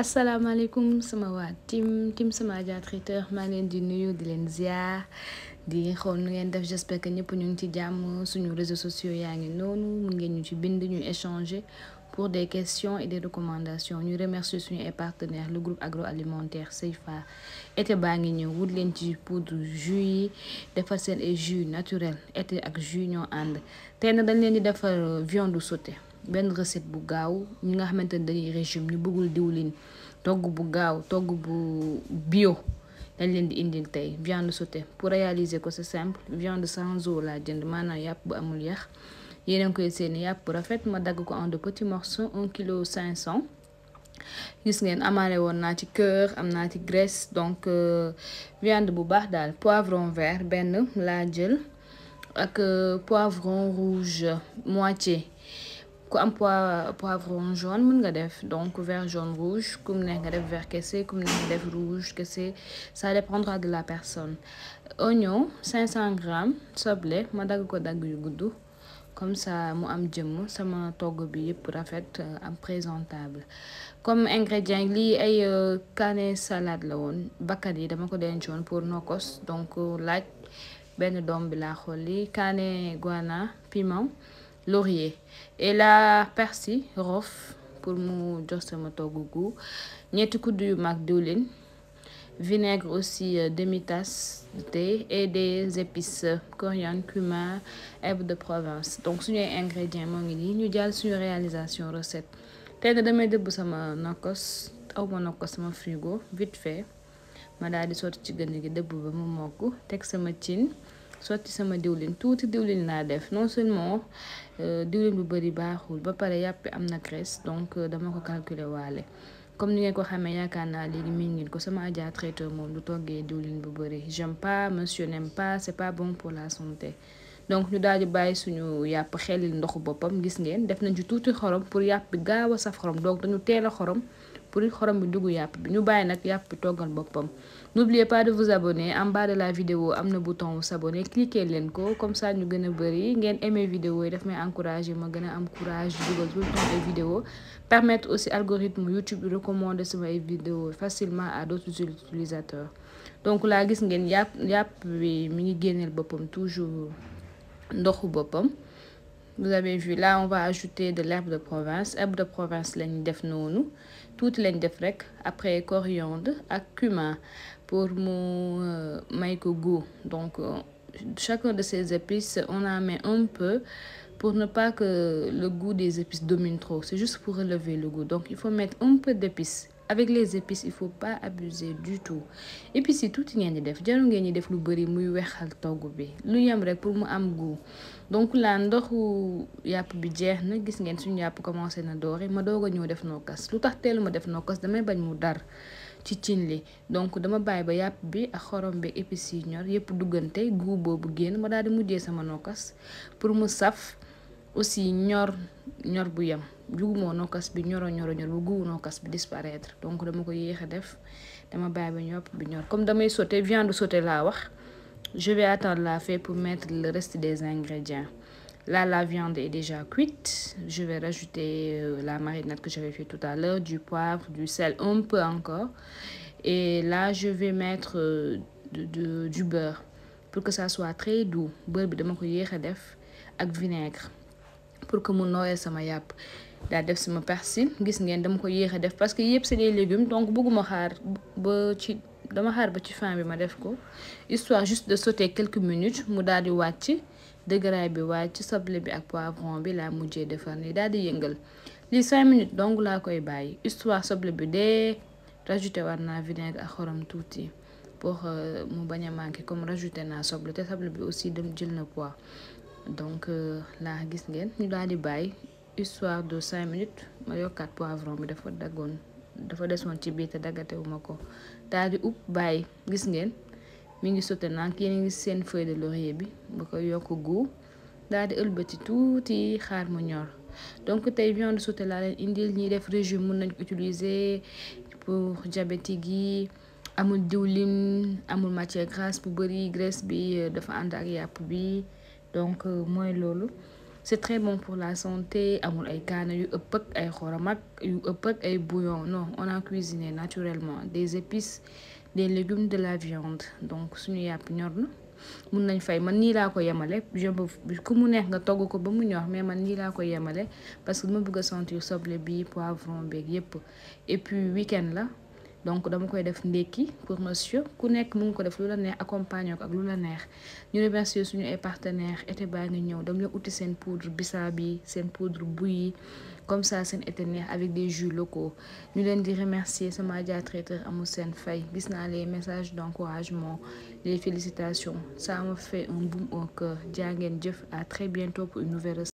assalamu sama waa tim tim sama Adja Traiteur maa len di nuyu di len ziar di xon ngeen def j'espère que ñu ci jamm suñu réseaux sociaux yaa ngi noonu mun ngeen ñu ci bind ñu échanger pour des questions et des recommandations ñu remercions suñu ay partenaires le groupe agroalimentaire Seifa été baangi ngi wut len ci poudre jus defal sen et jus naturel été ak jus ñoo and tey na dañ leen di defal viande sautée ben recette bu gaaw ñi nga xamantene dañuy régime ñu bëggul diwlin togg bu gaaw togg bu bio dañ leen di indil tey viande sautée pour réaliser ko c'est simple viande sans os la jënd maanaam yàpp bu amul yax yéen a ngi koy seeni yàpp rafet ma dagg ko en de petits morceaux un kilo cinq gis ngeen amaale woon naa ci cœur am naa ci graisse donc euh, viande bu baax daal poivron vert benn laa jël ak euh, poivron rouge moitié ku am poivron jaune mën nga def donc vert jaune rouge comme mu nga def vert cassé, comme mu nga def rouge cassé, ça dépendra de la personne oignon 500 grammes soble ma dagg ko dagg yu comme ça mu am jëmm sama togg bi yëpp rafet euh, am présentable comme ingrédient li, ay euh, canne salade la woon bakkat yi dama ko dencoon pour nokos donc euh, laaj benn doom bi laa xool li guana piment laurier et la persil rof pour mon justement sama ñetti kudd yu vinaigre aussi euh, demi tasse de thé et des épices coriandre cumin herbe de province. donc ce les ingrédients mon ngi ñu réalisation recette tey na damay dëbb sama nakos au ma nakos sama frigo vite fait ma daal di de ci de gi ba mu sotti sama diwlin tuuti diwlin def non seulement euh, diwlin bu ba pare graisse donc euh, dama ko calculer comme ni ngeen ko xamee yaakaar ko sama j'aime pas monsieur n'aime pas c'est pas bon pour la santé donc nous daal pour yàpp saf xorom donc dañu pour xorom bi ndugu yàpp bi ñu bàyyi nag yàpp bi n'oubliez pas de vous abonner en bas de la vidéo avez le bouton s'abonner cliquez abonner. ko comme ça ñu gagnons ça, bëri ngeen aimé vidéo yi daf may encouragé ma gën am courage de tout le temps permettre aussi algorithme YouTube de recommander ces vidéos facilement à d'autres utilisateurs donc vous gis ngeen yàpp yàpp bi mi ngi toujours ndoxu vous avez vu là on va ajouter de l'herbe de province herbe de province les de def toute toute def après coriandre et cumin pour mon euh, maïko goût donc euh, chacun de ces épices on en met un peu pour ne pas que le goût des épices domine trop c'est juste pour relever le goût donc il faut mettre un peu d'épices avec les épices il faut pas abuser du tout et puis si tout y def il faut def lu bari muy wéxal togu bi lu pour mu am donc la ndoxu bi jeex na gis ngeen suñu yàpp commencé na doore ma doga ñu ma bañ mu donc dama bay ba yàpp bi ak xorom bi épices ñor yépp dugante goût bobu ma pour aussi ñor ñor bu yem jugumoo nokkas bi ñoro ñoro ñor bu bi disparaître donc dama ko yéex faire. def dama ba bi ñor comme damay sauté viande sauter la wax je vais attendre la fée pour mettre le reste des ingrédients là la viande est déjà cuite je vais rajouter euh, la marinade que j'avais fait tout à l'heure du poivre du sel un peu encore et là je vais mettre euh, de, de, du beurre pour que ça soit très doux beurre bi dama ko yéex def vinaigre pour que mu nooyee sama yàpp daa def sama persil gis ngeen dama ko yéex a def parce que yëpp c'est des légumes donc bëgguma xaar ba ci dama xaar ba ci fin bi ma def ko histoire juste de sauter quelques minutes mu daal di wàcc dëgëraay bi wàcc sable bi ak poivron bi laa mujjee defar ni daal di yëngal lii cinq minutes donc laa koy bàyyi histoire soble bi dee rajouté war naa vinaigre ak xorom tuuti pour euh, mu bañ a manqué comme rajouté naa soble te soble bi aussi dem jël na poids donc euh, la gis ngène ñu daldi di histoire de 5 minutes ma yokkaat poivron bi dafa daggoon dafa desoon ci biir te daggatewu ma ko daal di ub gis ngeen mi ngi sote nank yéen ngi sen feuille de laurier bi ba koy yokk guu daal di touti xaar mu ñor donc tey viande sauté la len indil ñi def régime mun nañ utiliser pour diabétique yi amul diwlin amul matière grasse bu bari graisse bi euh, dafa ànd ak yàpp bi donc euh, moi Lolo c'est très bon pour la santé amul ay kaana yu ëpp ak ay xorom ak yu ëpp ak ay bouillon non on a cuisiné naturellement des épices des légumes de la viande donc suñu yàpp ñor mën nañ fay man ni la ko yemale je me mu neex nga togg ko ba mu ñor mais man ni la ko yemale parce que ma bëgg a sentir soble bi poivron beeg yépp et puis week-end la donc dama koy def ndékki pour monsieur ku nekk mu ngi ko def lu la neex accompagner ak lu la neex ñu remercier suñu ay partenaires été baa ngi ñëw dama lay uti seen poudre bisaab bi seen poudre bouillie, comme ça seen été neex avec des jus locaux ñu leen di remercier sama jaa traiteur amul seen fay gis naa les messages d'encouragement les félicitations ça me fait un boom au cœur jaa ngeen jëf à très bientôt pour une nouvelle